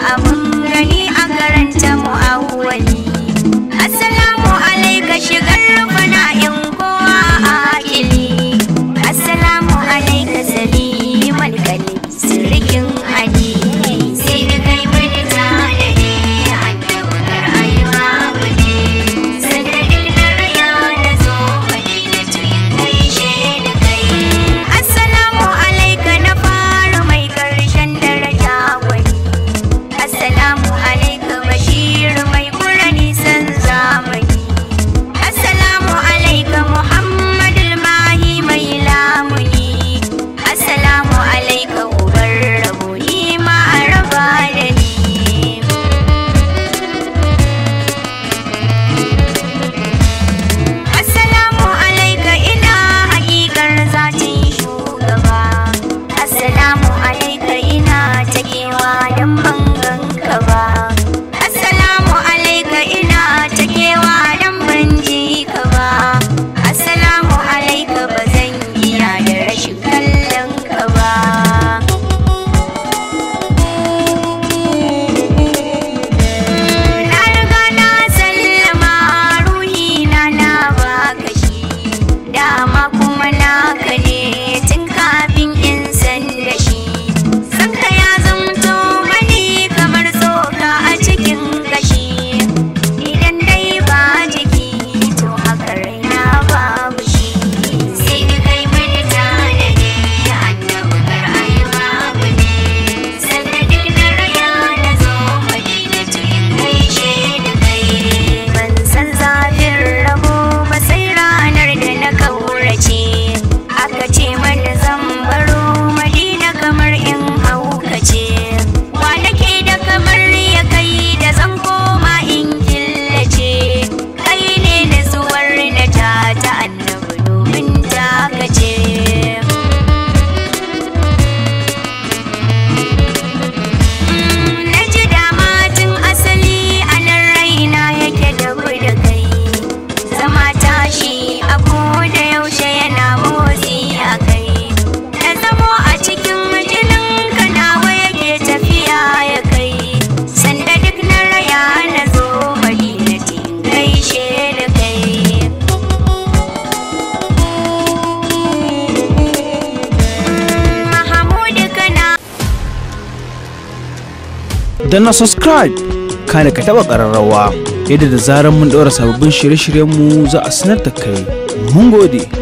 nada na subscribe kana ka taba ƙararrawa yadda da zarar mun ɗora sababbin shirye-shiryenmu za a sanar da kai mun gode